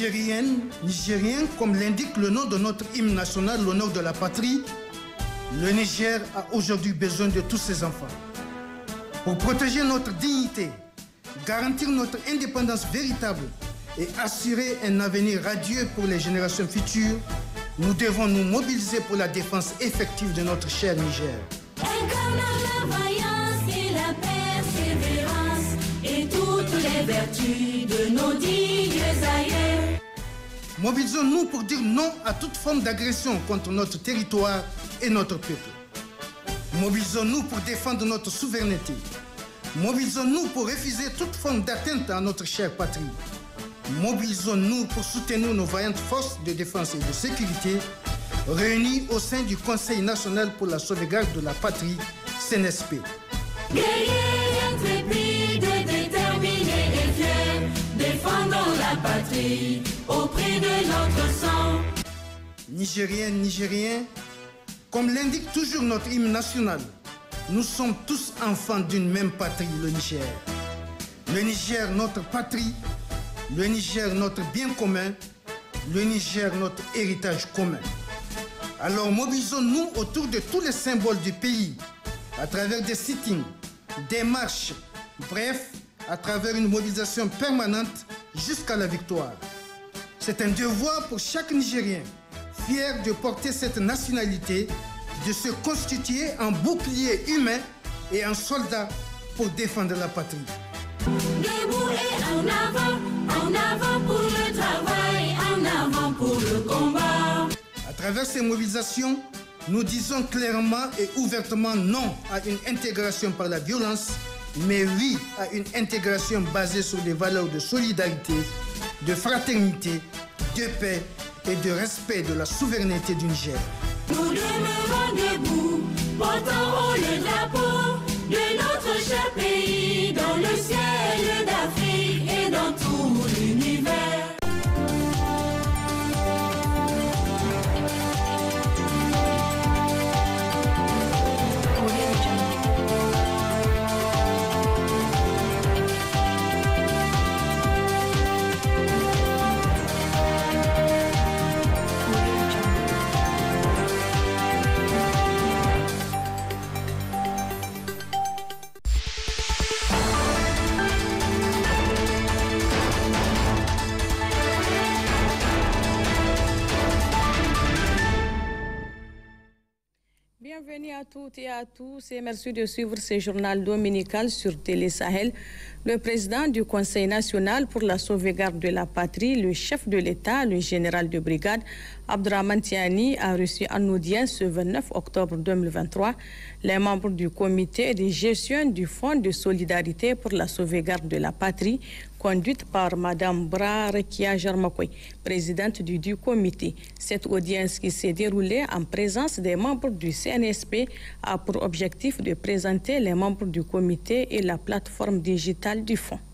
nigérienne, nigérien, comme l'indique le nom de notre hymne national, l'honneur de la patrie, le Niger a aujourd'hui besoin de tous ses enfants. Pour protéger notre dignité, garantir notre indépendance véritable et assurer un avenir radieux pour les générations futures, nous devons nous mobiliser pour la défense effective de notre cher Niger. la et la persévérance et toutes les vertus de nos Mobilisons-nous pour dire non à toute forme d'agression contre notre territoire et notre peuple. Mobilisons-nous pour défendre notre souveraineté. Mobilisons-nous pour refuser toute forme d'atteinte à notre chère patrie. Mobilisons-nous pour soutenir nos vaillantes forces de défense et de sécurité réunies au sein du Conseil national pour la sauvegarde de la patrie, CNSP. patrie au prix de notre sang. Nigérien, Nigérien comme l'indique toujours notre hymne national, nous sommes tous enfants d'une même patrie, le Niger. Le Niger, notre patrie, le Niger, notre bien commun, le Niger, notre héritage commun. Alors mobilisons-nous autour de tous les symboles du pays, à travers des sittings, des marches, bref, à travers une mobilisation permanente jusqu'à la victoire. C'est un devoir pour chaque Nigérien, fier de porter cette nationalité, de se constituer en bouclier humain et en soldat pour défendre la patrie. A pour le pour combat. À travers ces mobilisations, nous disons clairement et ouvertement non à une intégration par la violence mais oui à une intégration basée sur des valeurs de solidarité, de fraternité, de paix et de respect de la souveraineté du Niger. Bienvenue à toutes et à tous et merci de suivre ce journal dominical sur Télé Sahel. Le président du Conseil national pour la sauvegarde de la patrie, le chef de l'État, le général de brigade Abdraman Tiani a reçu en audience ce 29 octobre 2023 les membres du comité de gestion du Fonds de solidarité pour la sauvegarde de la patrie conduite par Mme Bra Rekia présidente du, du comité. Cette audience qui s'est déroulée en présence des membres du CNSP a pour objectif de présenter les membres du comité et la plateforme digitale du fonds.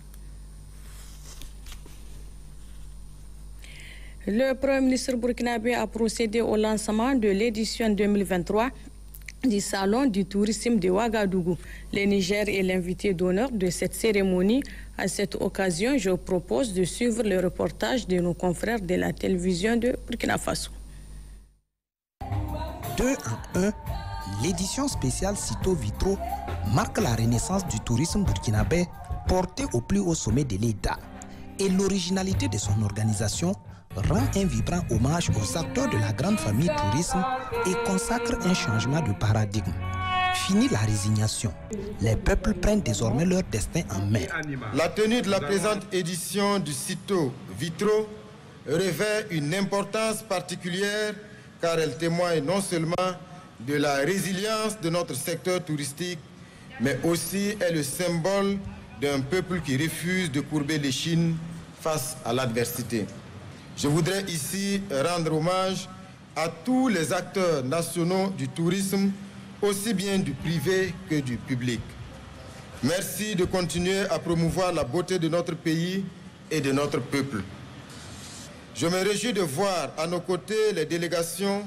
Le Premier ministre burkinabé a procédé au lancement de l'édition 2023 du Salon du tourisme de Ouagadougou. Le Niger est l'invité d'honneur de cette cérémonie à cette occasion, je propose de suivre le reportage de nos confrères de la télévision de Burkina Faso. 2 en 1, l'édition spéciale Cito Vitro marque la renaissance du tourisme burkinabé porté au plus haut sommet de l'État. Et l'originalité de son organisation rend un vibrant hommage aux acteurs de la grande famille tourisme et consacre un changement de paradigme. Fini la résignation. Les peuples prennent désormais leur destin en main. La tenue de la présente édition du siteau Vitro revêt une importance particulière car elle témoigne non seulement de la résilience de notre secteur touristique, mais aussi est le symbole d'un peuple qui refuse de courber les chines face à l'adversité. Je voudrais ici rendre hommage à tous les acteurs nationaux du tourisme aussi bien du privé que du public. Merci de continuer à promouvoir la beauté de notre pays et de notre peuple. Je me réjouis de voir à nos côtés les délégations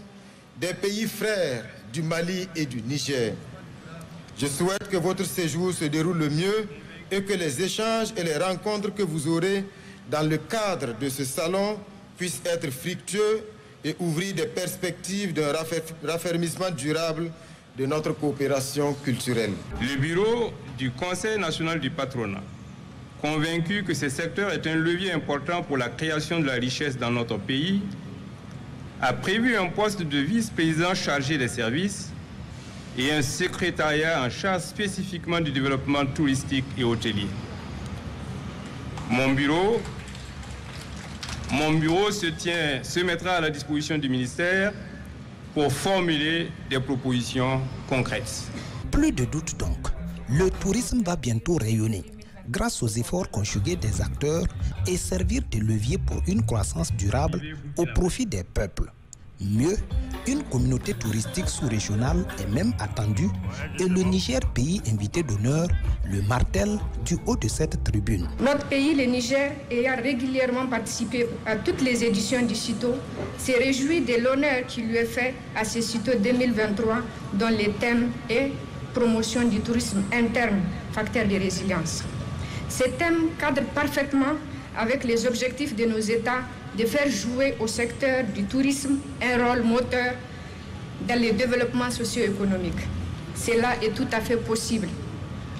des pays frères du Mali et du Niger. Je souhaite que votre séjour se déroule le mieux et que les échanges et les rencontres que vous aurez dans le cadre de ce salon puissent être fructueux et ouvrir des perspectives d'un raffermissement durable de notre coopération culturelle. Le bureau du Conseil national du patronat, convaincu que ce secteur est un levier important pour la création de la richesse dans notre pays, a prévu un poste de vice-président chargé des services et un secrétariat en charge spécifiquement du développement touristique et hôtelier. Mon bureau, mon bureau se, se mettra à la disposition du ministère pour formuler des propositions concrètes. Plus de doute donc, le tourisme va bientôt rayonner grâce aux efforts conjugués des acteurs et servir de levier pour une croissance durable au profit des peuples. Mieux, une communauté touristique sous-régionale est même attendue et le Niger, pays invité d'honneur, le martel du haut de cette tribune. Notre pays, le Niger, ayant régulièrement participé à toutes les éditions du CITO, s'est réjoui de l'honneur qui lui est fait à ce CITO 2023 dont le thème est promotion du tourisme interne, facteur de résilience. Ce thème cadre parfaitement avec les objectifs de nos États de faire jouer au secteur du tourisme un rôle moteur dans le développement socio-économique. Cela est tout à fait possible.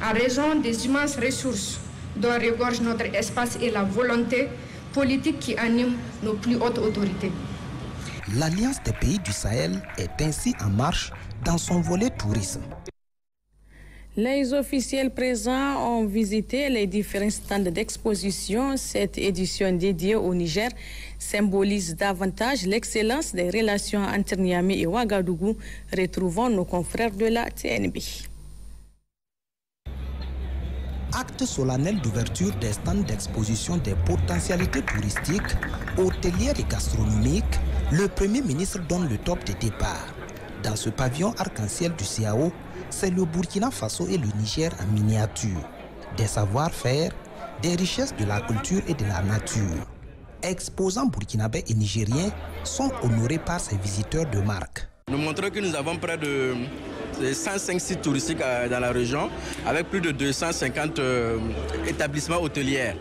à raison des immenses ressources dont regorge notre espace et la volonté politique qui anime nos plus hautes autorités. L'Alliance des pays du Sahel est ainsi en marche dans son volet tourisme. Les officiels présents ont visité les différents stands d'exposition. Cette édition dédiée au Niger symbolise davantage l'excellence des relations entre Niamey et Ouagadougou. Retrouvons nos confrères de la TNB. Acte solennel d'ouverture des stands d'exposition des potentialités touristiques, hôtelières et gastronomiques, le Premier ministre donne le top de départ. Dans ce pavillon arc-en-ciel du CAO, c'est le Burkina Faso et le Niger en miniature. Des savoir-faire, des richesses de la culture et de la nature. Exposants burkinabés et nigériens sont honorés par ces visiteurs de marque. Nous montrons que nous avons près de 105 sites touristiques euh, dans la région avec plus de 250 euh, établissements hôteliers.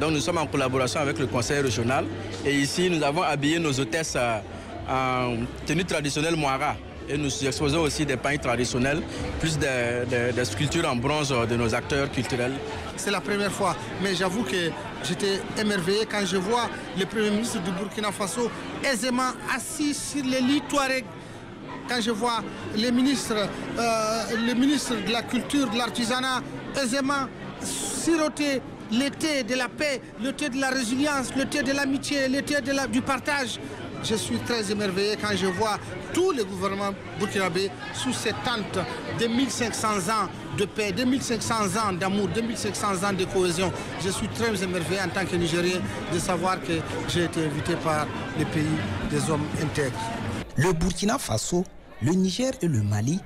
Donc nous sommes en collaboration avec le conseil régional et ici nous avons habillé nos hôtesses euh, en tenue traditionnelle Moara et nous exposons aussi des pains traditionnels, plus des, sculptures en bronze de nos acteurs culturels. C'est la première fois, mais j'avoue que j'étais émerveillé quand je vois le Premier ministre du Burkina Faso aisément assis sur les lits Touareg quand je vois les ministres, euh, de la culture, de l'artisanat, aisément siroter l'été de la paix, l'été de la résilience, l'été de l'amitié, l'été du partage, je suis très émerveillé quand je vois tous les gouvernements burkinabés sous cette tente de 1500 ans de paix, 2500 ans d'amour, 2500 ans de cohésion. Je suis très émerveillé en tant que Nigérien de savoir que j'ai été invité par le pays des hommes intègres. Le Burkina Faso, le Niger et le Mali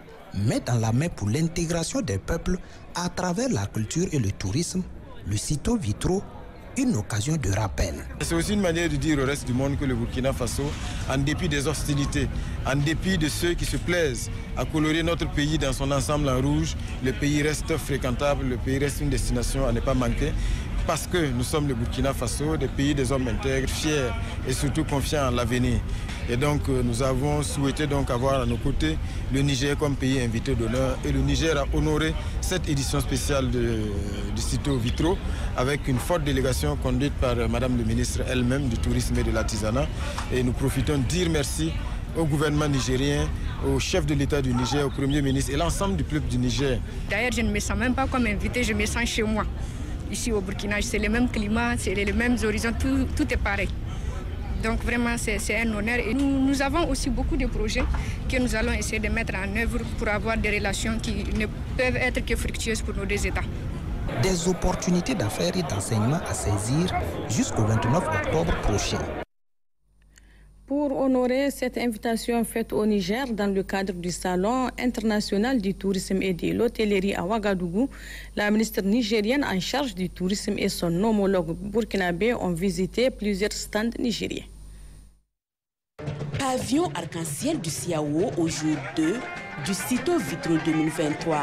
mettent dans la main pour l'intégration des peuples à travers la culture et le tourisme, le sito vitro une occasion de rappel. C'est aussi une manière de dire au reste du monde que le Burkina Faso, en dépit des hostilités, en dépit de ceux qui se plaisent à colorer notre pays dans son ensemble en rouge, le pays reste fréquentable, le pays reste une destination à ne pas manquer parce que nous sommes le Burkina Faso, des pays des hommes intègres, fiers et surtout confiants en l'avenir. Et donc euh, nous avons souhaité donc avoir à nos côtés le Niger comme pays invité d'honneur. Et le Niger a honoré cette édition spéciale du Cito Vitro avec une forte délégation conduite par euh, Madame le ministre elle-même du Tourisme et de l'Artisanat. Et nous profitons de dire merci au gouvernement nigérien, au chef de l'État du Niger, au Premier ministre et l'ensemble du peuple du Niger. D'ailleurs, je ne me sens même pas comme invité, je me sens chez moi ici au Burkina, c'est le même climat, c'est les mêmes horizons, tout, est pareil. Donc vraiment, c'est un honneur. Et nous, avons aussi beaucoup de projets que nous allons essayer de mettre en œuvre pour avoir des relations qui ne peuvent être que fructueuses pour nos deux États. Des opportunités d'affaires et d'enseignement à saisir jusqu'au 29 octobre prochain. Pour honorer cette invitation faite au Niger dans le cadre du Salon international du tourisme et de l'hôtellerie à Ouagadougou, la ministre nigérienne en charge du tourisme et son homologue burkinabé ont visité plusieurs stands nigériens. Pavillon arc-en-ciel du Siao au jour 2 du CITO Vitro 2023.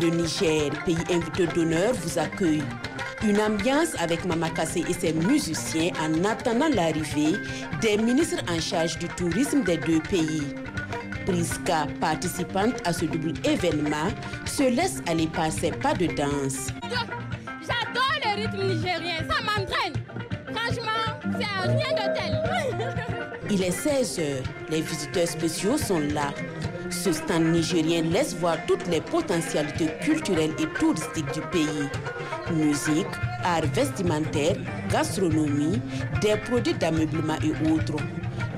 Le Niger, pays invité d'honneur, vous accueille une ambiance avec Mama et ses musiciens en attendant l'arrivée des ministres en charge du tourisme des deux pays. Priska, participante à ce double événement, se laisse aller par ses pas de danse. J'adore le rythme nigérien, ça m'entraîne. Franchement, c'est rien de tel. Il est 16 h les visiteurs spéciaux sont là. Ce stand nigérien laisse voir toutes les potentialités culturelles et touristiques du pays musique, arts vestimentaires, gastronomie, des produits d'ameublement et autres.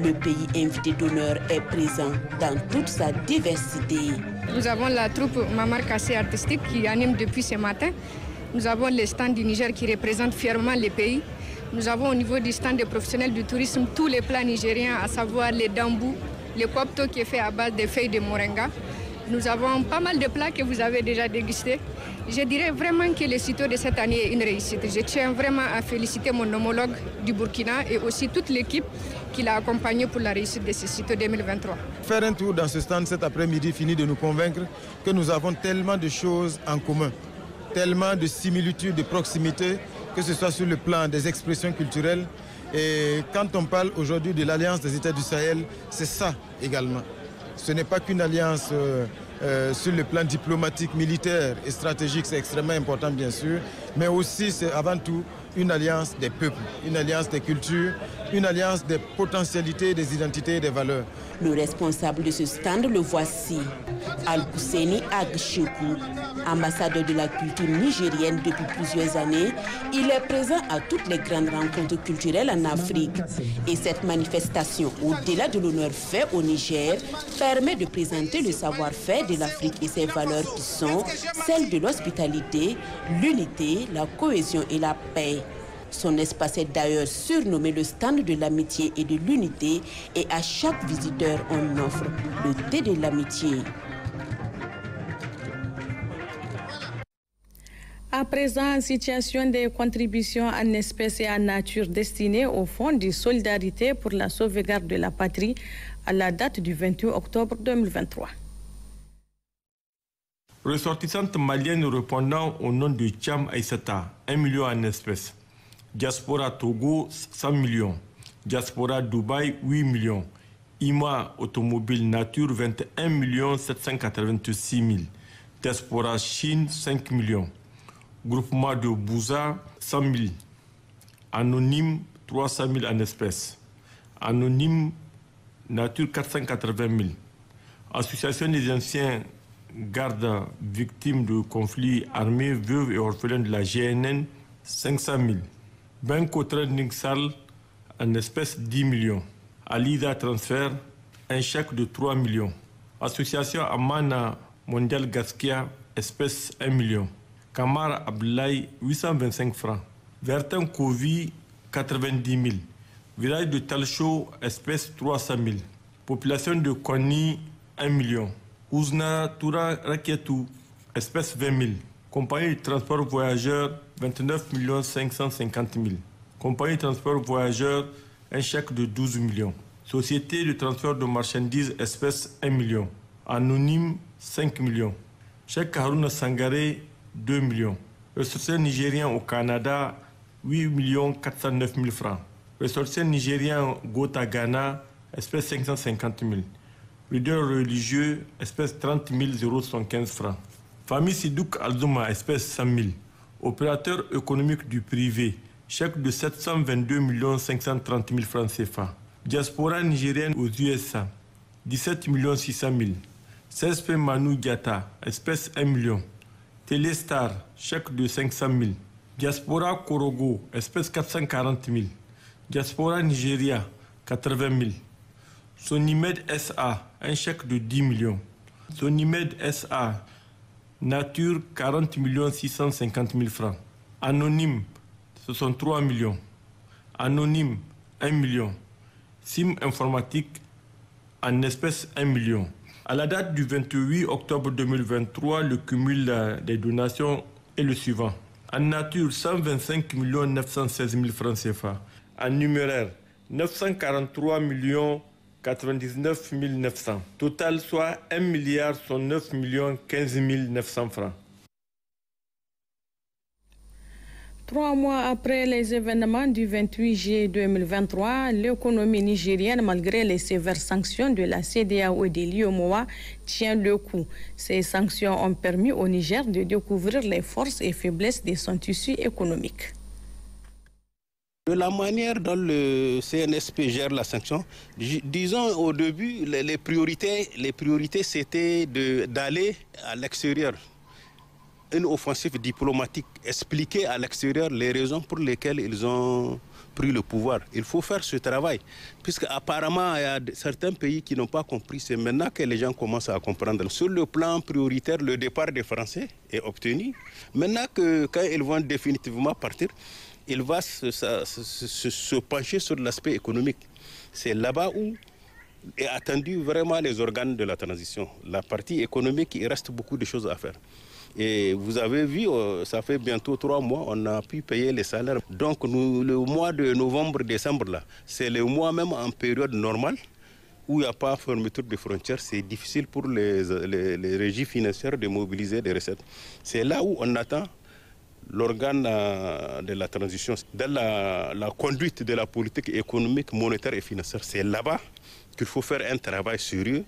Le pays invité d'honneur est présent dans toute sa diversité. Nous avons la troupe Mamar Kassé Artistique qui anime depuis ce matin. Nous avons les stands du Niger qui représentent fièrement le pays. Nous avons au niveau du stand des professionnels du tourisme tous les plats nigériens, à savoir les dambous, les copto qui est fait à base des feuilles de moringa, nous avons pas mal de plats que vous avez déjà dégustés. Je dirais vraiment que le siteau de cette année est une réussite. Je tiens vraiment à féliciter mon homologue du Burkina et aussi toute l'équipe qui l'a accompagné pour la réussite de ce siteau 2023. Faire un tour dans ce stand cet après-midi finit de nous convaincre que nous avons tellement de choses en commun, tellement de similitudes, de proximité, que ce soit sur le plan des expressions culturelles. Et quand on parle aujourd'hui de l'Alliance des États du Sahel, c'est ça également ce n'est pas qu'une alliance euh, euh, sur le plan diplomatique, militaire et stratégique, c'est extrêmement important bien sûr, mais aussi c'est avant tout une alliance des peuples, une alliance des cultures, une alliance des potentialités, des identités et des valeurs. Le responsable de ce stand, le voici, Al-Kouseni ambassadeur de la culture nigérienne depuis plusieurs années. Il est présent à toutes les grandes rencontres culturelles en Afrique. Et cette manifestation, au-delà de l'honneur fait au Niger, permet de présenter le savoir-faire de l'Afrique et ses valeurs qui sont celles de l'hospitalité, l'unité, la cohésion et la paix. Son espace est d'ailleurs surnommé le stand de l'amitié et de l'unité et à chaque visiteur on offre le thé de l'amitié. À présent, situation des contributions en espèces et en nature destinées au Fonds de solidarité pour la sauvegarde de la patrie à la date du 28 octobre 2023. Ressortissante malienne répondant au nom de Cham Aïsata, un million en espèces. Diaspora Togo, 100 millions. Diaspora Dubaï, 8 millions. IMA Automobile Nature, 21 786 000. Diaspora Chine, 5 millions. Groupement de Bouza, 100 000. Anonyme, 300 000 en espèces. Anonyme Nature, 480 000. Association des anciens gardes victimes de conflits armés, veuves et orphelins de la GNN, 500 000. Banco Trading Sal, en espèce 10 millions. Alida Transfer, un chèque de 3 millions. Association Amana Mondial Gaskia, espèce 1 million. Kamar Ablaï, 825 francs. Vertin Kovi, 90 000. Village de Talcho, espèce 300 000. Population de Koni, 1 million. Ouzna Toura Rakiatou espèce 20 000. Compagnie de transport voyageurs, 29 550 000. Compagnie de Transport Voyageurs, un chèque de 12 millions. Société de transport de marchandises espèce 1 million. Anonyme, 5 millions. Chèque Haruna Sangaré, 2 millions. Ressortisseur nigérien au Canada, 8 409 000 francs. Ressortisseur nigérien Gota Ghana, espèce 550 000. Leader religieux, espèce 30 015 francs. Famille Sidouk Alzuma, espèce 100 000 opérateur économique du privé, chèque de 722 530 000 francs CFA. Diaspora nigérienne aux USA, 17 600 000. CSP Manu Gata, espèce 1 million. Téléstar, chèque de 500 000. Diaspora Korogo, espèce 440 000. Diaspora Nigeria, 80 000. Sonimed SA, un chèque de 10 millions. Sonimed SA, Nature, 40 650 000 francs. Anonyme, 63 sont millions. Anonyme, 1 million. SIM informatique, en espèce, 1 million. À la date du 28 octobre 2023, le cumul des donations est le suivant. En nature, 125 916 000 francs CFA. En numéraire, 943 millions 99 900. Total soit 1 milliard 9 millions 15 900 francs. Trois mois après les événements du 28 juillet 2023, l'économie nigérienne, malgré les sévères sanctions de la CDAO et de l'IOMOA, tient le coup. Ces sanctions ont permis au Niger de découvrir les forces et faiblesses de son tissu économique. De la manière dont le CNSP gère la sanction, disons au début, les, priorités, les priorités c'était d'aller à l'extérieur. Une offensive diplomatique, expliquer à l'extérieur les raisons pour lesquelles ils ont pris le pouvoir. Il faut faire ce travail, puisque apparemment il y a certains pays qui n'ont pas compris. C'est maintenant que les gens commencent à comprendre. Sur le plan prioritaire, le départ des Français est obtenu. Maintenant que quand ils vont définitivement partir, il va se, pencher sur l'aspect économique. C'est là-bas où est attendu vraiment les organes de la transition. La partie économique, il reste beaucoup de choses à faire. Et vous avez vu, euh, ça fait bientôt trois mois, on a pu payer les salaires. Donc le mois de novembre, décembre, là, c'est le mois même en période normale où il n'y a pas fermeture de frontières, c'est difficile pour les, les régies financières de mobiliser des recettes. C'est là où on attend l'organe euh, de la transition, de la, conduite de la politique économique, monétaire et financière. C'est là-bas qu'il faut faire un travail sérieux,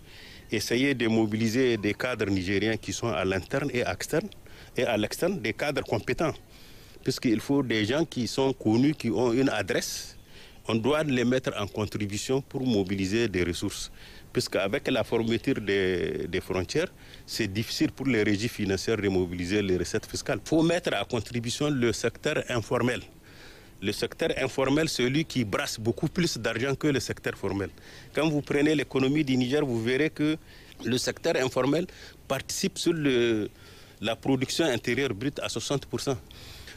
essayer de mobiliser des cadres nigériens qui sont à l'interne et, externe, et à l'externe, des cadres compétents. Puisqu'il faut des gens qui sont connus, qui ont une adresse. On doit les mettre en contribution pour mobiliser des ressources puisque la fermeture des, frontières, c'est difficile pour les régies financières de mobiliser les recettes fiscales. Il faut mettre à contribution le secteur informel. Le secteur informel, celui qui brasse beaucoup plus d'argent que le secteur formel. Quand vous prenez l'économie du Niger, vous verrez que le secteur informel participe sur la production intérieure brute à 60%.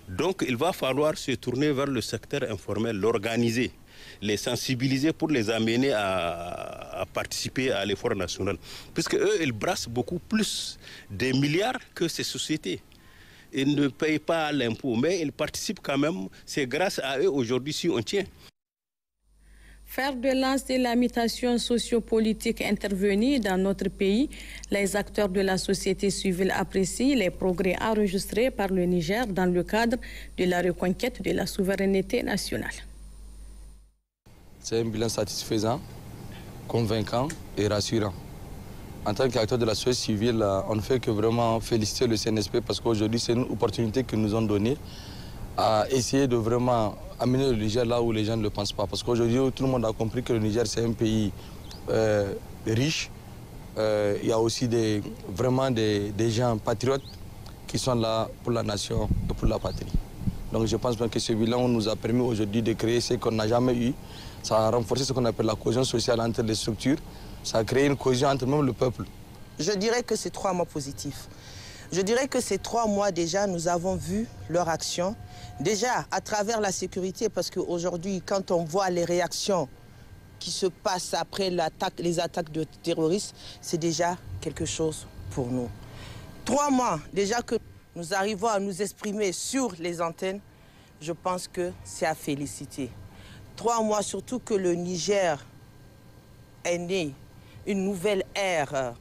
Donc il va falloir se tourner vers le secteur informel, l'organiser les sensibiliser pour les amener à, participer à l'effort national. Puisque eux, ils brassent beaucoup plus des milliards que ces sociétés ils ne payent pas l'impôt, mais ils participent quand même. C'est grâce à eux aujourd'hui si on tient. Faire de lance de la mutation sociopolitique intervenue dans notre pays, les acteurs de la société civile apprécient les progrès enregistrés par le Niger dans le cadre de la reconquête de la souveraineté nationale. C'est un bilan satisfaisant, convaincant et rassurant. En tant qu'acteur de la société civile, euh, on ne fait que vraiment féliciter le CNSP parce qu'aujourd'hui, c'est une opportunité qu'ils nous ont donnée à essayer de vraiment amener le Niger là où les gens ne le pensent pas. Parce qu'aujourd'hui, tout le monde a compris que le Niger, c'est un pays euh, riche. Euh, il y a aussi vraiment des, gens patriotes qui sont là pour la nation et pour la patrie. Donc je pense que ce bilan nous a permis aujourd'hui de créer ce qu'on n'a jamais eu, ça a renforcé ce qu'on appelle la cohésion sociale entre les structures. Ça a créé une cohésion entre même le peuple. Je dirais que c'est trois mois positifs. Je dirais que ces trois mois déjà, nous avons vu leur action. Déjà, à travers la sécurité, parce qu'aujourd'hui, quand on voit les réactions qui se passent après les attaques de terroristes, c'est déjà quelque chose pour nous. Trois mois déjà que nous arrivons à nous exprimer sur les antennes, je pense que c'est à féliciter. Trois mois, surtout que le Niger est né une nouvelle ère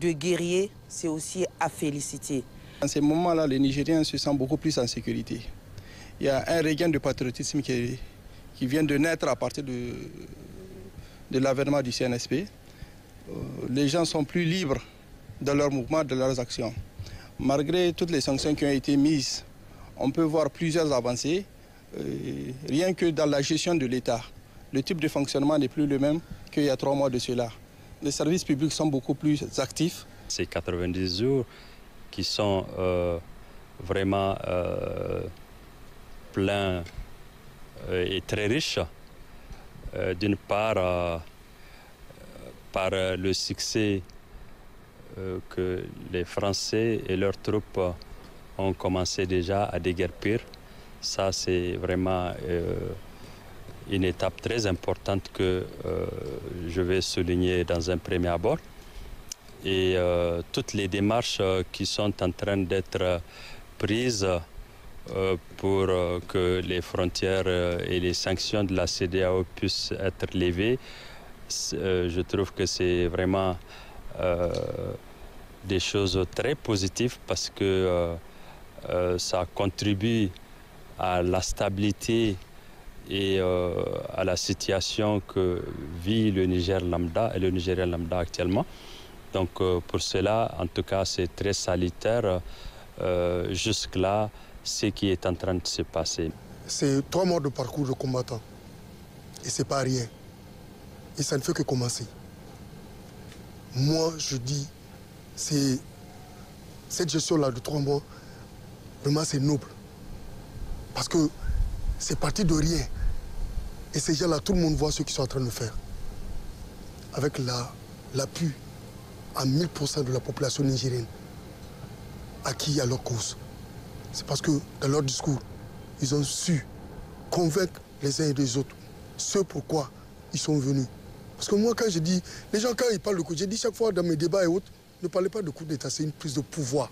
de guerriers, c'est aussi à féliciter. En ces moments là les Nigériens se sentent beaucoup plus en sécurité. Il y a un regain de patriotisme qui, qui vient de naître à partir de, de l'avènement du CNSP. Euh, les gens sont plus libres dans leurs mouvements, dans leurs actions. Malgré toutes les sanctions qui ont été mises, on peut voir plusieurs avancées euh, rien que dans la gestion de l'État, le type de fonctionnement n'est plus le même qu'il y a trois mois de cela. Les services publics sont beaucoup plus actifs. Ces 90 jours qui sont euh, vraiment euh, pleins et très riches, d'une part par le succès que les Français et leurs troupes ont commencé déjà à déguerpir. Ça, c'est vraiment euh, une étape très importante que euh, je vais souligner dans un premier abord. Et euh, toutes les démarches qui sont en train d'être prises pour que les frontières et les sanctions de la CDAO puissent être levées, je trouve que c'est vraiment des choses très positives parce que ça contribue à la stabilité et euh, à la situation que vit le Niger lambda et le Nigérien lambda actuellement. Donc euh, pour cela, en tout cas, c'est très salutaire euh, jusque-là ce qui est en train de se passer. C'est trois mois de parcours de combattant et c'est pas rien. Et ça ne fait que commencer. Moi, je dis, c'est cette gestion-là de trois mois, vraiment, c'est noble. Parce que c'est parti de rien. Et ces gens-là, tout le monde voit ce qu'ils sont en train de faire. Avec l'appui la à 1000% de la population nigérienne acquis à leur cause. C'est parce que dans leur discours, ils ont su convaincre les uns et les autres ce pourquoi ils sont venus. Parce que moi, quand je dis, les gens, quand ils parlent de coup, j'ai dit chaque fois dans mes débats et autres, ne parlez pas de coup d'État, c'est une prise de pouvoir.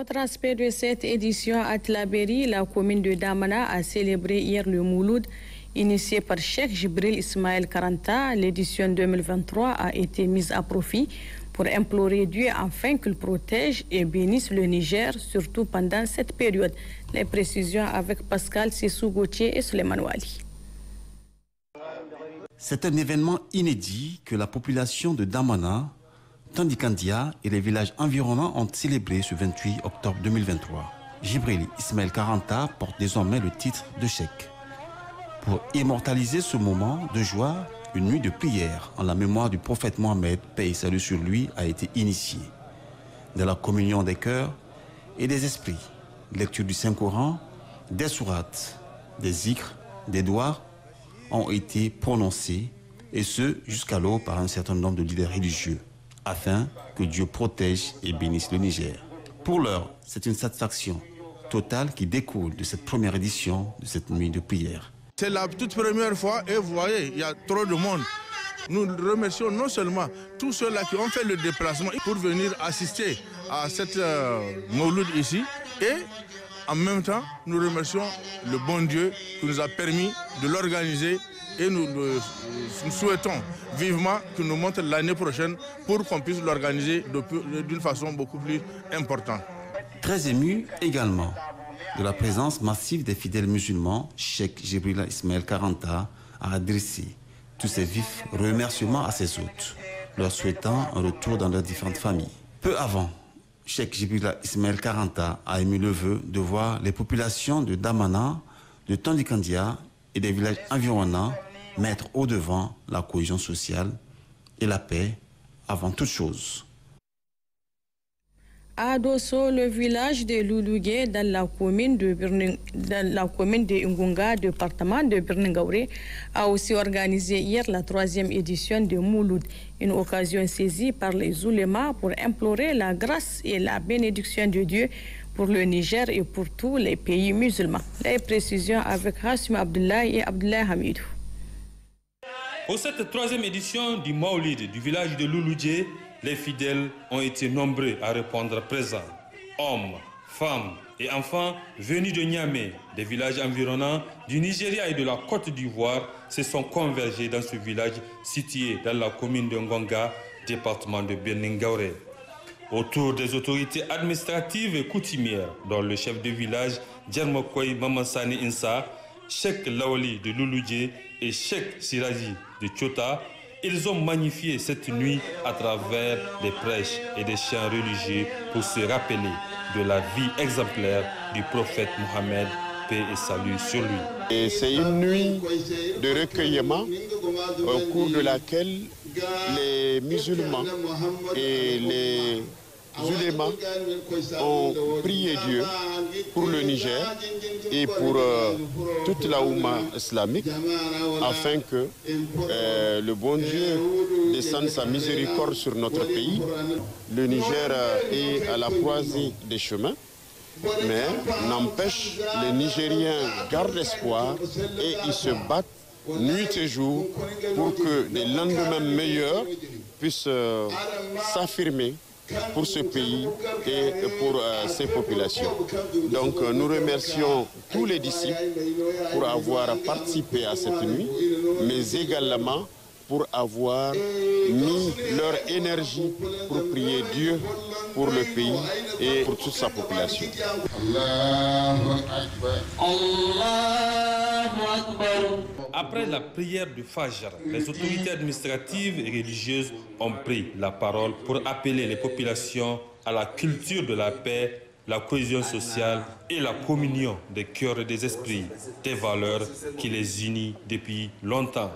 Autre aspect de cette édition à Tlaberi, la commune de Damana a célébré hier le Mouloud. Initié par Cheikh Jibril Ismaël Karanta, l'édition 2023 a été mise à profit pour implorer Dieu afin qu'il protège et bénisse le Niger, surtout pendant cette période. Les précisions avec Pascal Sissou Gauthier et Suleiman Wali. C'est un événement inédit que la population de Damana Tandikandia et les villages environnants ont célébré ce 28 octobre 2023. Jibril Ismail Karanta porte désormais le titre de chèque. Pour immortaliser ce moment de joie, une nuit de prière en la mémoire du prophète Mohamed, paix et salut sur lui, a été initiée. De la communion des cœurs et des esprits, lecture du Saint-Coran, des sourates, des zikres, des doigts ont été prononcés, et ce jusqu'alors par un certain nombre de leaders religieux afin que Dieu protège et bénisse le Niger. Pour l'heure, c'est une satisfaction totale qui découle de cette première édition de cette nuit de prière. C'est la toute première fois et vous voyez, il y a trop de monde. Nous remercions non seulement tous ceux-là qui ont fait le déplacement pour venir assister à cette euh, mouloud ici et en même temps, nous remercions le bon Dieu qui nous a permis de l'organiser et nous, souhaitons vivement qu'il nous montre l'année prochaine pour qu'on puisse l'organiser d'une façon beaucoup plus importante. Très ému également de la présence massive des fidèles musulmans, Cheikh Jibril Ismail Karanta a adressé Tous ses vifs remerciements à ses hôtes, leur souhaitant un retour dans leurs différentes familles. Peu avant, Cheikh Jibril Ismail Karanta a émis le vœu de voir les populations de Damana, de Tandikandia et des villages environnants mettre au devant la cohésion sociale et la paix avant toute chose. À Dosso, le village de Loulougué, dans la commune de, Birning, dans la commune de Ngunga, département de Birningaouré, a aussi organisé hier la troisième édition de Mouloud, une occasion saisie par les oulémas pour implorer la grâce et la bénédiction de Dieu pour le Niger et pour tous les pays musulmans. Les précisions avec Hassim Abdullah et Abdullah Hamidou. Pour cette troisième édition du Maolid du village de Louloudjé, les fidèles ont été nombreux à répondre présents. Hommes, femmes et enfants venus de Niamey, des villages environnants, du Nigeria et de la Côte d'Ivoire se sont convergés dans ce village situé dans la commune de Ngonga, département de Beningaure. Autour des autorités administratives et coutumières, dont le chef de village, Djermokoy Mamansani Insa, Cheikh Lawali de Louloudjé et Cheikh Sirazi de Tchota, ils ont magnifié cette nuit à travers des prêches et des chants religieux pour se rappeler de la vie exemplaire du prophète Mohammed, paix et salut sur lui. Et c'est une nuit de recueillement au cours de laquelle les musulmans et les ulémas ont prié Dieu pour le Niger et pour toute la Ouma islamique afin que le bon Dieu descende sa miséricorde sur notre pays. Le Niger est à la croisée des chemins. Mais n'empêche, les Nigériens gardent espoir et ils se battent nuit et jour pour que les lendemains meilleurs puissent euh, s'affirmer pour ce pays et pour ses euh, populations. Donc euh, nous remercions tous les disciples pour avoir participé à cette nuit, mais également pour avoir mis leur énergie pour prier Dieu pour le pays et pour toute sa population. Après la prière du Fajr, les autorités administratives et religieuses ont pris la parole pour appeler les populations à la culture de la paix la cohésion sociale et la communion des cœurs et des esprits, des valeurs qui les unissent depuis longtemps.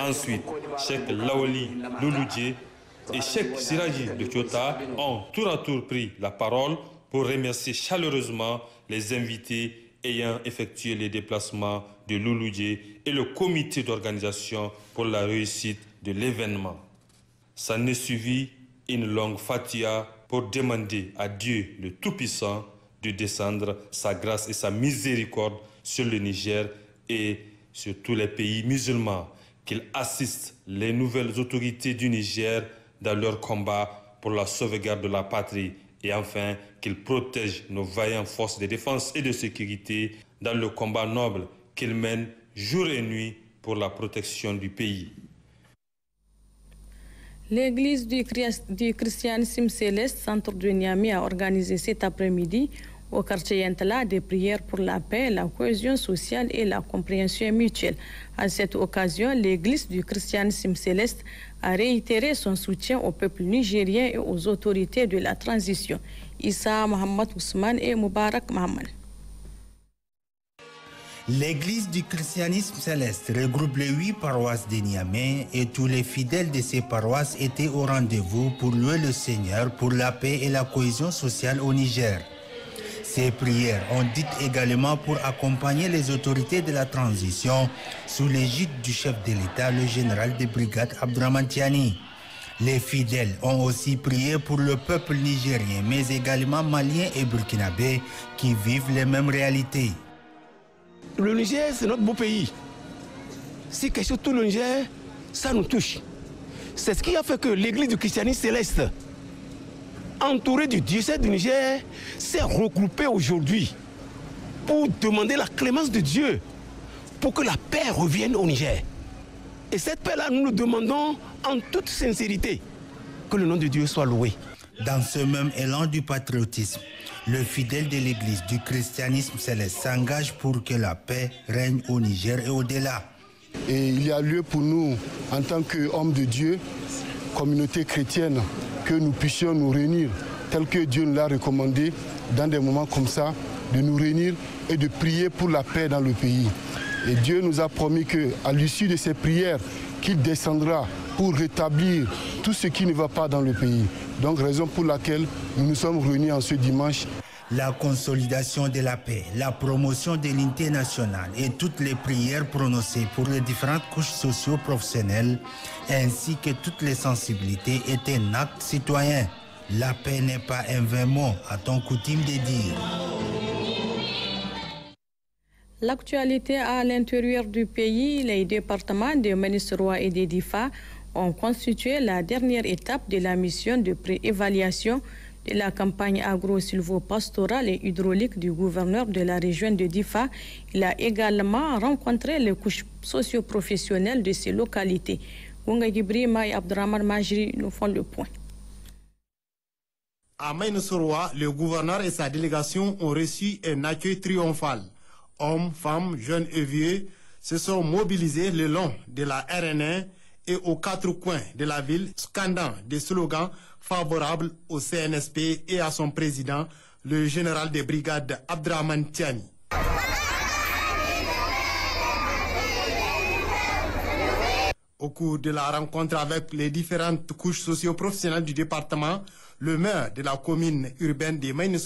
Ensuite, Cheikh Laoli Louloudjé et Cheikh Siraji de Kyoto ont tour à tour pris la parole pour remercier chaleureusement les invités ayant effectué les déplacements de Louloudjé et le comité d'organisation pour la réussite de l'événement. Ça ne suivit une longue fatia pour demander à Dieu le Tout-Puissant de descendre sa grâce et sa miséricorde sur le Niger et sur tous les pays musulmans, qu'il assiste les nouvelles autorités du Niger dans leur combat pour la sauvegarde de la patrie et enfin qu'il protège nos vaillantes forces de défense et de sécurité dans le combat noble qu'il mène jour et nuit pour la protection du pays. L'église du, christianisme céleste, centre de Niamey, a organisé cet après-midi au quartier Yentala des prières pour la paix, la cohésion sociale et la compréhension mutuelle. À cette occasion, l'église du christianisme céleste a réitéré son soutien au peuple nigérien et aux autorités de la transition. Issa Mohamed Ousmane et Mubarak Mohamed. L'église du christianisme céleste regroupe les huit paroisses de Niamey et tous les fidèles de ces paroisses étaient au rendez-vous pour louer le Seigneur pour la paix et la cohésion sociale au Niger. Ces prières ont dit également pour accompagner les autorités de la transition sous l'égide du chef de l'État, le général de brigade Abdramantiani. Les fidèles ont aussi prié pour le peuple nigérien, mais également malien et burkinabé qui vivent les mêmes réalités. Le Niger, c'est notre beau pays. Si quelque chose tout le Niger, ça nous touche. C'est ce qui a fait que l'église du christianisme céleste, entourée du diocèse du Niger, s'est regroupée aujourd'hui pour demander la clémence de Dieu pour que la paix revienne au Niger. Et cette paix-là, nous nous demandons en toute sincérité que le nom de Dieu soit loué. Dans ce même élan du patriotisme, le fidèle de l'Église du christianisme céleste s'engage pour que la paix règne au Niger et au-delà. Et il y a lieu pour nous, en tant qu'hommes de Dieu, communauté chrétienne, que nous puissions nous réunir, tel que Dieu nous l'a recommandé, dans des moments comme ça, de nous réunir et de prier pour la paix dans le pays. Et Dieu nous a promis qu'à l'issue de ces prières, qu'il descendra pour rétablir tout ce qui ne va pas dans le pays. Donc raison pour laquelle nous nous sommes réunis en ce dimanche. La consolidation de la paix, la promotion de l'unité nationale et toutes les prières prononcées pour les différentes couches socioprofessionnelles professionnelles ainsi que toutes les sensibilités est un acte citoyen. La paix n'est pas un vain mot, à ton coutume de dire. L'actualité à l'intérieur du pays, les départements de Menisroa et Difa ont constitué la dernière étape de la mission de préévaluation de la campagne agro-silvopastorale et hydraulique du gouverneur de la région de Difa. Il a également rencontré les couches socioprofessionnelles de ces localités. Ounga Gibri Maï Abdraman Majri nous font le point. À le gouverneur et sa délégation ont reçu un accueil triomphal. Hommes, femmes, jeunes et vieux se sont mobilisés le long de la RN1 et aux quatre coins de la ville, scandant des slogans favorables au CNSP et à son président, le général des brigades Abdraman Tiani. Au cours de la rencontre avec les différentes couches socio-professionnelles du département, le maire de la commune urbaine de maine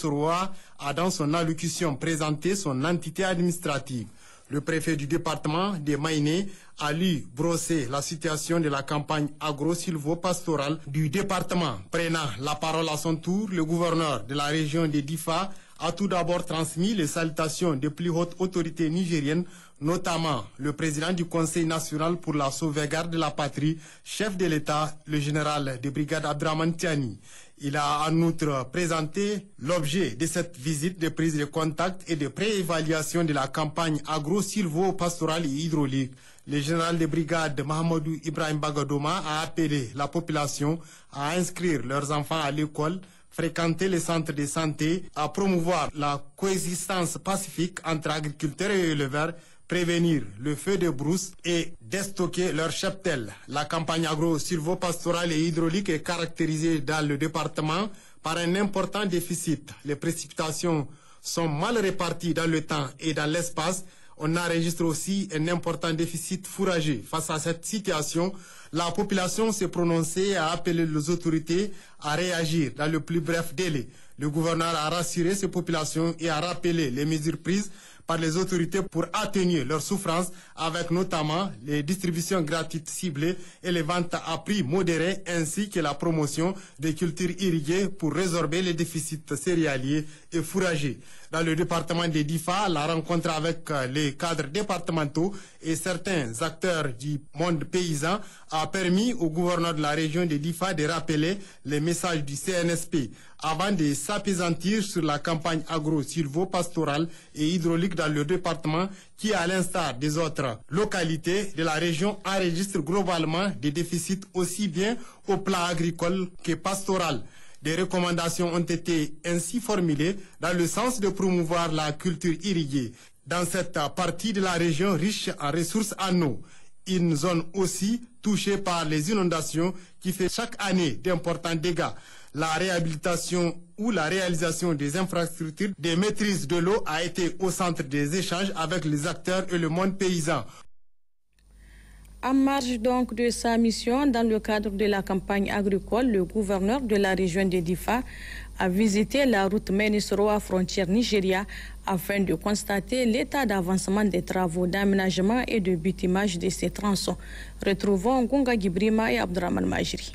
a dans son allocution présenté son entité administrative. Le préfet du département des Maïné a lu brossé la situation de la campagne agro-silvo-pastorale du département. Prenant la parole à son tour, le gouverneur de la région des Difa a tout d'abord transmis les salutations des plus hautes autorités nigériennes, notamment le président du Conseil national pour la sauvegarde de la patrie, chef de l'État, le général de brigade Abdraman Tiani. Il a en outre présenté l'objet de cette visite de prise de contact et de préévaluation de la campagne agro-silvo-pastorale et hydraulique. Le général de brigade Mahmoudou Ibrahim Bagadoma a appelé la population à inscrire leurs enfants à l'école fréquenter les centres de santé, à promouvoir la coexistence pacifique entre agriculteurs et éleveurs prévenir le feu de brousse et déstocker leurs cheptel. La campagne agro pastorale et hydraulique est caractérisée dans le département par un important déficit. Les précipitations sont mal réparties dans le temps et dans l'espace. On enregistre aussi un important déficit fourragé. Face à cette situation, la population s'est prononcée et a appelé les autorités à réagir dans le plus bref délai. Le gouverneur a rassuré ses populations et a rappelé les mesures prises par les autorités pour atténuer leur souffrance avec notamment les distributions gratuites ciblées et les ventes à prix modérés ainsi que la promotion des cultures irriguées pour résorber les déficits céréaliers et fourragers. Dans le département des DIFA, la rencontre avec euh, les cadres départementaux et certains acteurs du monde paysan a permis au gouverneur de la région des DIFA de rappeler les messages du CNSP avant de s'apaisantir sur la campagne agro-silvo-pastorale et hydraulique dans le département qui, à l'instar des autres localités de la région, enregistre globalement des déficits aussi bien au plan agricole que pastoral. Des recommandations ont été ainsi formulées dans le sens de promouvoir la culture irriguée dans cette partie de la région riche en ressources en eau. Une zone aussi touchée par les inondations qui fait chaque année d'importants dégâts la réhabilitation ou la réalisation des infrastructures des maîtrises de l'eau a été au centre des échanges avec les acteurs et le monde paysan. En marge donc de sa mission dans le cadre de la campagne agricole, le gouverneur de la région de Difa a visité la route Ménisroa frontière Nigeria afin de constater l'état d'avancement des travaux d'aménagement et de bitumage de ces tronçons. Retrouvons Gunga Gibrima et Abdraman Majiri.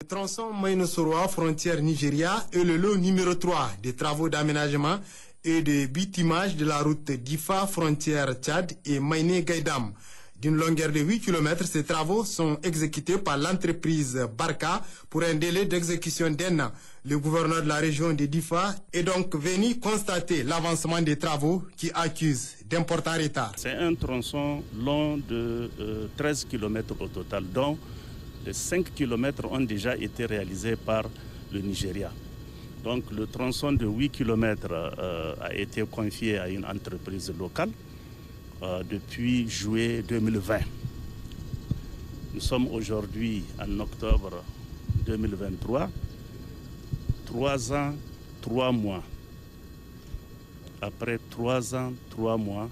Le tronçon Maïnosoroa, frontière Nigeria, est le lot numéro 3 des travaux d'aménagement et de bitimage de la route Difa, frontière Tchad et Maïné-Gaïdam. D'une longueur de 8 km, ces travaux sont exécutés par l'entreprise Barca pour un délai d'exécution d'un an. Le gouverneur de la région de Difa est donc venu constater l'avancement des travaux qui accusent d'importants retards. C'est un tronçon long de 13 euh, km au total, dont les 5 km ont déjà été réalisés par le Nigeria. Donc le tronçon de 8 km euh, a été confié à une entreprise locale euh, depuis juillet 2020. Nous sommes aujourd'hui en octobre 2023, trois ans, trois mois. Après trois ans, trois mois,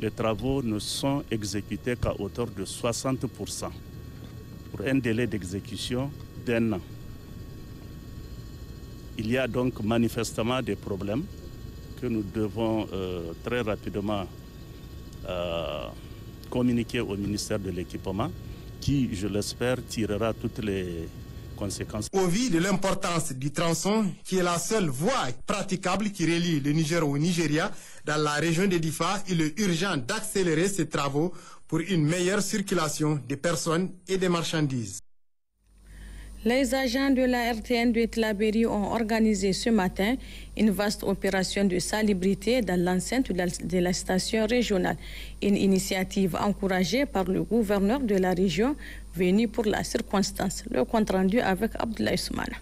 les travaux ne sont exécutés qu'à hauteur de 60 pour un délai d'exécution d'un an. Il y a donc manifestement des problèmes que nous devons euh, très rapidement euh, communiquer au ministère de l'équipement qui, je l'espère, tirera toutes les conséquences. Au vu de l'importance du tronçon, qui est la seule voie praticable qui relie le Niger au Nigeria, dans la région de Difa, il est urgent d'accélérer ces travaux pour une meilleure circulation des personnes et des marchandises. Les agents de la RTN de Tlaberi ont organisé ce matin une vaste opération de salubrité dans l'enceinte de la station régionale, une initiative encouragée par le gouverneur de la région venu pour la circonstance. Le compte-rendu avec Abdoulaye Soumana.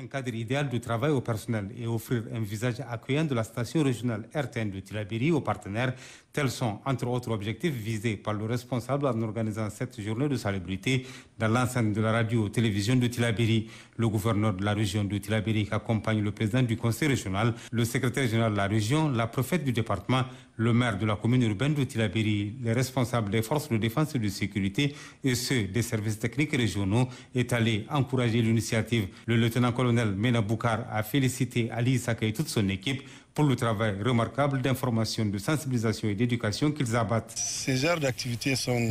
un cadre idéal de travail au personnel et offrir un visage accueillant de la station régionale RTN de Tilabiri aux partenaires Tels sont, entre autres objectifs, visés par le responsable en organisant cette journée de célébrité dans l'enceinte de la radio-télévision de Tilabiri. Le gouverneur de la région de Tilabiri accompagne le président du conseil régional, le secrétaire général de la région, la préfète du département, le maire de la commune urbaine de Tilabiri, les responsables des forces de défense et de sécurité et ceux des services techniques régionaux est allé encourager l'initiative. Le lieutenant-colonel Mena Boukar a félicité Ali Saka et toute son équipe pour le travail remarquable d'information, de sensibilisation et d'éducation qu'ils abattent. Ces genres d'activités sont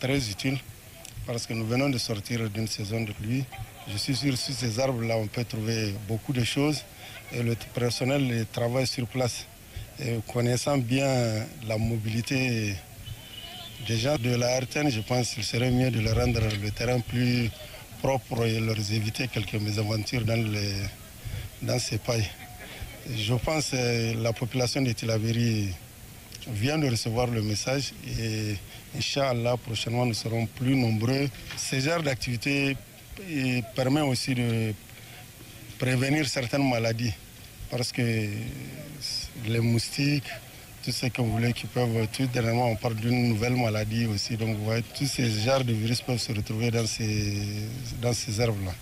très utiles parce que nous venons de sortir d'une saison de pluie. Je suis sûr que sur ces arbres-là, on peut trouver beaucoup de choses et le personnel travaille sur place. Et euh, connaissant bien la mobilité des gens de la RTN, je pense qu'il serait mieux de leur rendre le terrain plus propre et leur éviter quelques mésaventures dans ces pailles. Je pense que la population de Tilaviri vient de recevoir le message et Inch'Allah, prochainement, nous serons plus nombreux. Ce genre d'activité permet aussi de prévenir certaines maladies parce que les moustiques, tout ce que vous voulez, qui peuvent, dernièrement, on parle d'une nouvelle maladie aussi. Donc, vous voyez, tous ces genres de virus peuvent se retrouver dans ces herbes-là.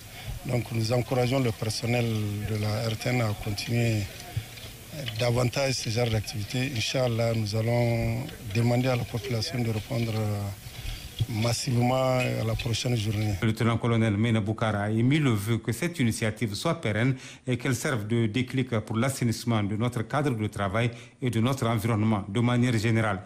Donc nous encourageons le personnel de la RTN à continuer davantage ce genre d'activité. Inch'Allah, nous allons demander à la population de répondre euh, massivement à la prochaine journée. Le lieutenant-colonel Mena Boukara a émis le vœu que cette initiative soit pérenne et qu'elle serve de déclic pour l'assainissement de notre cadre de travail et de notre environnement de manière générale.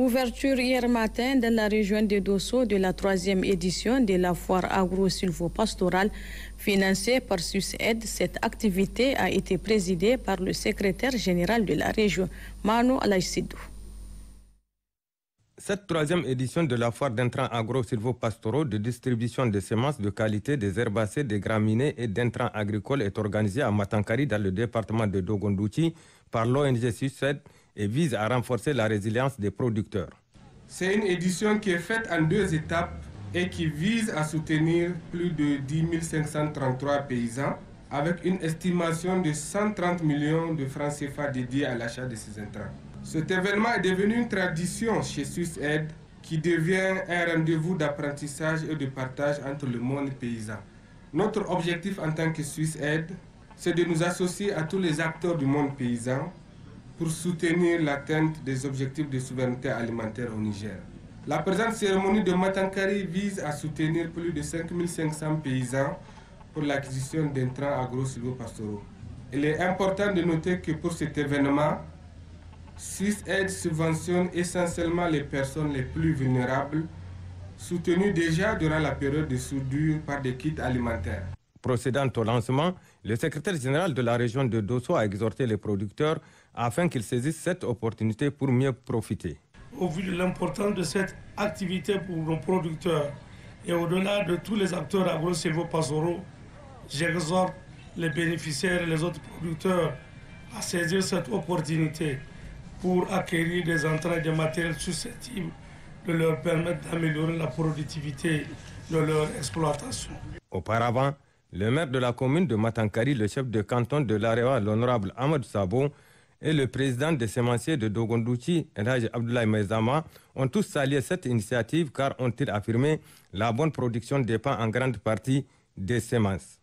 Ouverture hier matin dans la région de Dosso de la troisième édition de la foire agro Silvo pastorale financée par SUSED. Cette activité a été présidée par le secrétaire général de la région, Manu Alaïsidou. Cette troisième édition de la foire d'intrants agro pastoraux de distribution de semences de qualité des herbacées, des graminées et d'intrants agricoles est organisée à Matankari dans le département de Dogondouchi par l'ONG SUSED et vise à renforcer la résilience des producteurs. C'est une édition qui est faite en deux étapes et qui vise à soutenir plus de 10 533 paysans avec une estimation de 130 millions de francs CFA dédiés à l'achat de ces intrants. Cet événement est devenu une tradition chez Swiss Aid qui devient un rendez-vous d'apprentissage et de partage entre le monde paysan. Notre objectif en tant que Swiss Aid, c'est de nous associer à tous les acteurs du monde paysan pour soutenir l'atteinte des objectifs de souveraineté alimentaire au Niger. La présente cérémonie de Matankari vise à soutenir plus de 5500 paysans pour l'acquisition d'intrants agro-silvopastoraux. Il est important de noter que pour cet événement, six aides subventionne essentiellement les personnes les plus vulnérables, soutenues déjà durant la période de soudure par des kits alimentaires. Procédant au lancement, le secrétaire général de la région de Dosso a exhorté les producteurs afin qu'ils saisissent cette opportunité pour mieux profiter. Au vu de l'importance de cette activité pour nos producteurs et au-delà de tous les acteurs agro-silvopastoraux, j'exhorte les bénéficiaires et les autres producteurs à saisir cette opportunité pour acquérir des entrailles de matériel susceptibles de leur permettre d'améliorer la productivité de leur exploitation. Auparavant, le maire de la commune de Matankari, le chef de canton de l'aréa, l'honorable Ahmed Sabo, et le président des semenciers de Dogondouchi, Raj Abdoulaye Mezama, ont tous salué cette initiative car ont-ils affirmé la bonne production dépend en grande partie des semences.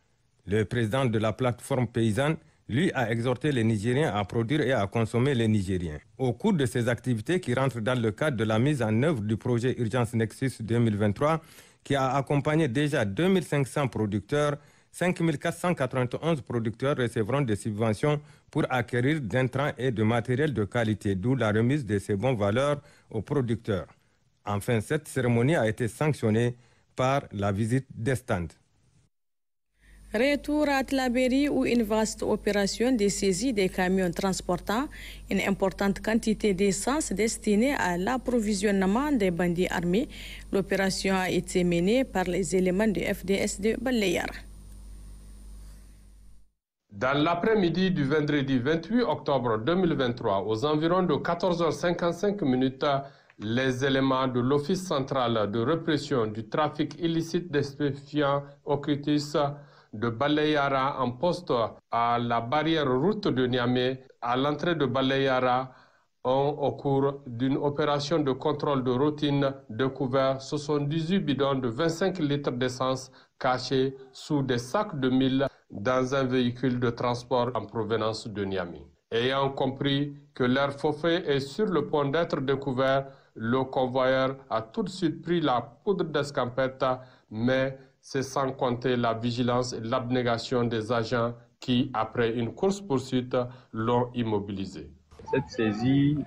Le président de la plateforme paysanne, lui, a exhorté les Nigériens à produire et à consommer les Nigériens. Au cours de ces activités qui rentrent dans le cadre de la mise en œuvre du projet Urgence Nexus 2023, qui a accompagné déjà 2500 producteurs, 5 491 producteurs recevront des subventions pour acquérir d'intrants et de matériel de qualité, d'où la remise de ces bons valeurs aux producteurs. Enfin, cette cérémonie a été sanctionnée par la visite des stands. Retour à Tlaberi où une vaste opération de saisie des camions transportant une importante quantité d'essence destinée à l'approvisionnement des bandits armés. L'opération a été menée par les éléments du FDS de Baleyar. Dans l'après-midi du vendredi 28 octobre 2023, aux environs de 14h55 minutes, les éléments de l'Office central de répression du trafic illicite d'espéfiants occultistes de Baleyara en poste à la barrière route de Niamey à l'entrée de Baleyara ont, au cours d'une opération de contrôle de routine, découvert 78 bidons de 25 litres d'essence cachés sous des sacs de mille dans un véhicule de transport en provenance de Niamey. Ayant compris que leur forfait est sur le point d'être découvert, le convoyeur a tout de suite pris la poudre d'escampette, mais c'est sans compter la vigilance et l'abnégation des agents qui, après une course-poursuite, l'ont immobilisé. Cette saisie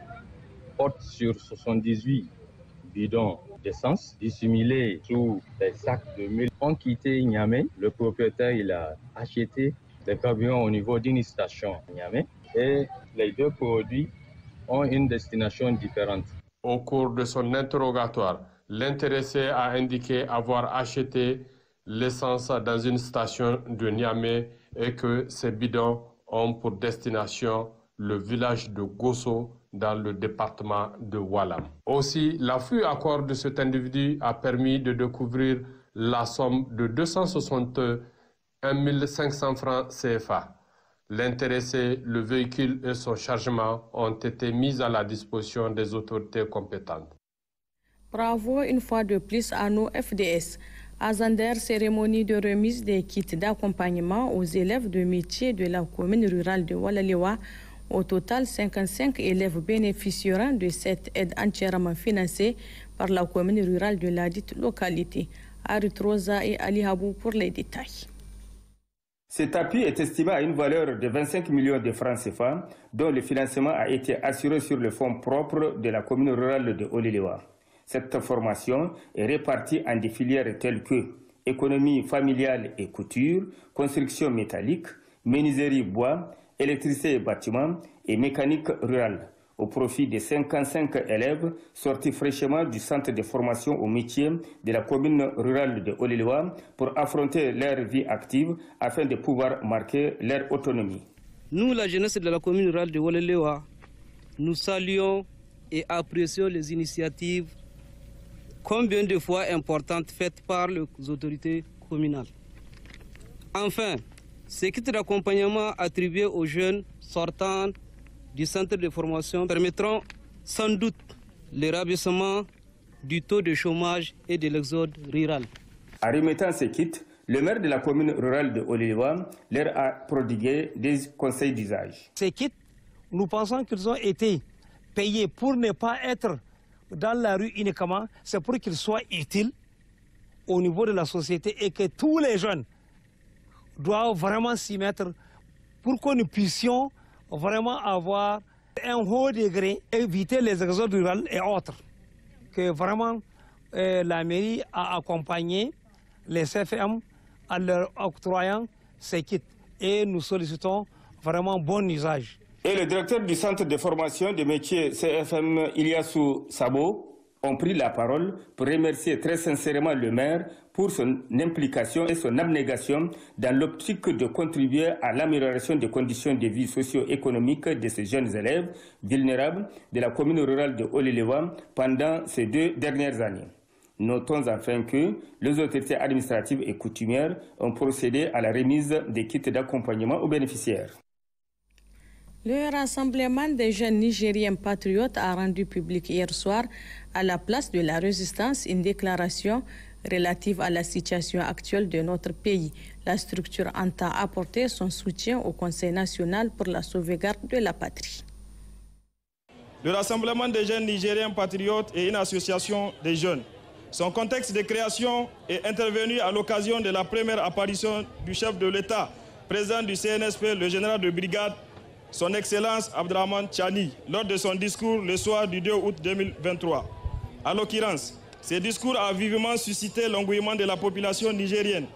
porte sur 78 bidons d'essence dissimulée sous des sacs de mille. ont quitté Niamey. Le propriétaire, il a acheté des camions au niveau d'une station à Niamey et les deux produits ont une destination différente. Au cours de son interrogatoire, l'intéressé a indiqué avoir acheté l'essence dans une station de Niamey et que ces bidons ont pour destination le village de Gosso dans le département de Walam. Aussi, l'affût à de cet individu a permis de découvrir la somme de 261 500 francs CFA. L'intéressé, le véhicule et son chargement ont été mis à la disposition des autorités compétentes. Bravo une fois de plus à nos FDS. À Zander, cérémonie de remise des kits d'accompagnement aux élèves de métier de la commune rurale de Wallalewa au total, 55 élèves bénéficieront de cette aide entièrement financée par la commune rurale de la dite localité. Arut Rosa et Ali Habou pour les détails. Cet appui est estimé à une valeur de 25 millions de francs CFA, dont le financement a été assuré sur le fonds propre de la commune rurale de Olilewa. Cette formation est répartie en des filières telles que économie familiale et couture, construction métallique, menuiserie bois, électricité et bâtiments et mécanique rurale au profit de 55 élèves sortis fraîchement du centre de formation au métier de la commune rurale de Oléloa pour affronter leur vie active afin de pouvoir marquer leur autonomie. Nous, la jeunesse de la commune rurale de Oléloa, nous saluons et apprécions les initiatives combien de fois importantes faites par les autorités communales. Enfin, ces kits d'accompagnement attribués aux jeunes sortant du centre de formation permettront sans doute le rabaissement du taux de chômage et de l'exode rural. En remettant ces kits, le maire de la commune rurale de Oliva leur a prodigué des conseils d'usage. Ces kits, nous pensons qu'ils ont été payés pour ne pas être dans la rue uniquement, c'est pour qu'ils soient utiles au niveau de la société et que tous les jeunes doit vraiment s'y mettre pour que nous puissions vraiment avoir un haut degré, éviter les exodes ruraux et autres. Que vraiment euh, la mairie a accompagné les CFM en leur octroyant ces kits et nous sollicitons vraiment bon usage. Et le directeur du centre de formation des métiers CFM, Ilyasu Sabo, ont pris la parole pour remercier très sincèrement le maire pour son implication et son abnégation dans l'optique de contribuer à l'amélioration des conditions de vie socio-économiques de ces jeunes élèves vulnérables de la commune rurale de Olilewa pendant ces deux dernières années. Notons enfin que les autorités administratives et coutumières ont procédé à la remise des kits d'accompagnement aux bénéficiaires. Le rassemblement des jeunes Nigériens patriotes a rendu public hier soir à la place de la résistance une déclaration relative à la situation actuelle de notre pays. La structure entend apporter son soutien au Conseil national pour la sauvegarde de la patrie. Le Rassemblement des jeunes nigériens patriotes est une association des jeunes. Son contexte de création est intervenu à l'occasion de la première apparition du chef de l'État, président du CNSP, le général de brigade, son Excellence Abdraman Chani, lors de son discours le soir du 2 août 2023. À l'occurrence, ces discours a vivement suscité l'engouement de la population nigérienne,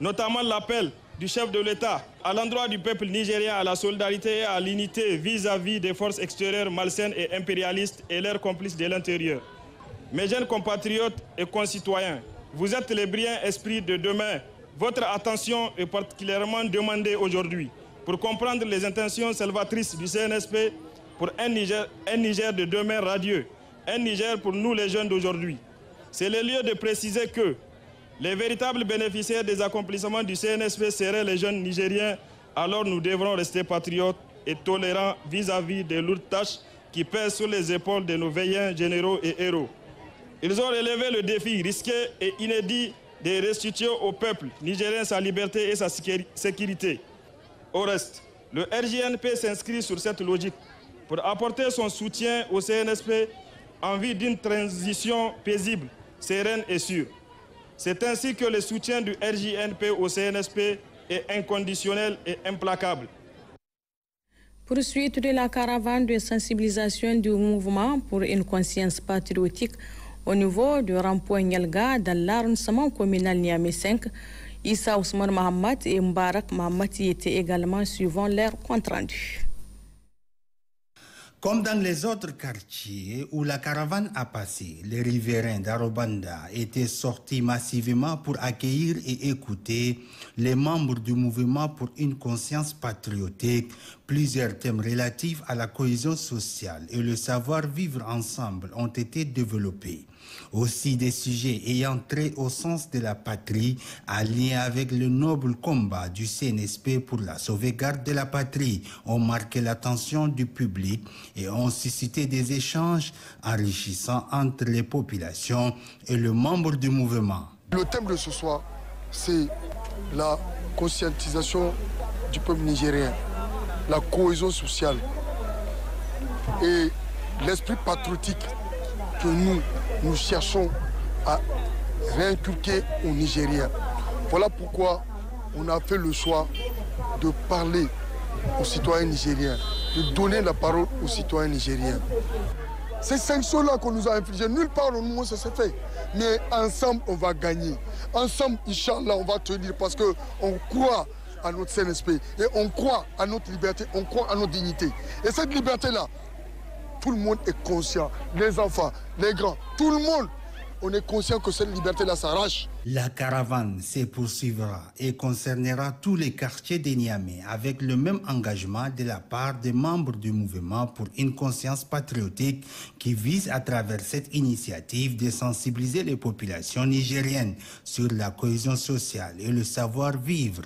notamment l'appel du chef de l'État à l'endroit du peuple nigérien à la solidarité et à l'unité vis-à-vis des forces extérieures malsaines et impérialistes et leurs complices de l'intérieur. Mes jeunes compatriotes et concitoyens, vous êtes les brillants esprits de demain. Votre attention est particulièrement demandée aujourd'hui pour comprendre les intentions salvatrices du CNSP pour un Niger, un Niger de demain radieux, un Niger pour nous les jeunes d'aujourd'hui c'est le lieu de préciser que les véritables bénéficiaires des accomplissements du CNSP seraient les jeunes Nigériens, alors nous devrons rester patriotes et tolérants vis-à-vis des lourdes tâches qui pèsent sur les épaules de nos veillants généraux et héros. Ils ont relevé le défi risqué et inédit de restituer au peuple nigérien sa liberté et sa sécurité. Au reste, le RGNP s'inscrit sur cette logique pour apporter son soutien au CNSP en vue d'une transition paisible sereine et sûr. C'est ainsi que le soutien du RJNP au CNSP est inconditionnel et implacable. Poursuite de la caravane de sensibilisation du mouvement pour une conscience patriotique au niveau du rempoint dans l'arrondissement communal Niamey 5, Issa Ousmane Mahamat et Mbarak Mahamat étaient également suivant leur compte rendu. Comme dans les autres quartiers où la caravane a passé, les riverains d'Arobanda étaient sortis massivement pour accueillir et écouter les membres du mouvement pour une conscience patriotique. Plusieurs thèmes relatifs à la cohésion sociale et le savoir vivre ensemble ont été développés aussi des sujets ayant trait au sens de la patrie, alliés avec le noble combat du CNSP pour la sauvegarde de la patrie, ont marqué l'attention du public et ont suscité des échanges enrichissants entre les populations et le membre du mouvement. Le thème de ce soir, c'est la conscientisation du peuple nigérien, la cohésion sociale et l'esprit patriotique que nous, nous cherchons à réinculquer aux Nigériens. Voilà pourquoi on a fait le choix de parler aux citoyens nigériens, de donner la parole aux citoyens nigériens. Ces sanctions-là qu'on nous a infligées, nulle part au monde ça s'est fait. Mais ensemble, on va gagner. Ensemble, Inch'Allah, on va tenir parce qu'on croit à notre saint et on croit à notre liberté, on croit à notre dignité. Et cette liberté-là, tout le monde est conscient. Les enfants, les grands, tout le monde. On est conscient que cette liberté-là s'arrache. La caravane se poursuivra et concernera tous les quartiers de Niamey avec le même engagement de la part des membres du mouvement pour une conscience patriotique qui vise à travers cette initiative de sensibiliser les populations nigériennes sur la cohésion sociale et le savoir-vivre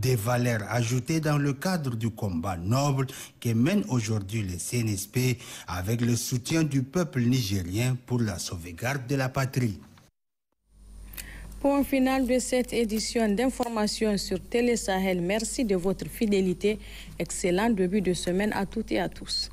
des valeurs ajoutées dans le cadre du combat noble que mène aujourd'hui le CNSP avec le soutien du peuple nigérien pour la sauvegarde de la patrie. Point final de cette édition d'information sur Télé Sahel. Merci de votre fidélité. Excellent début de semaine à toutes et à tous.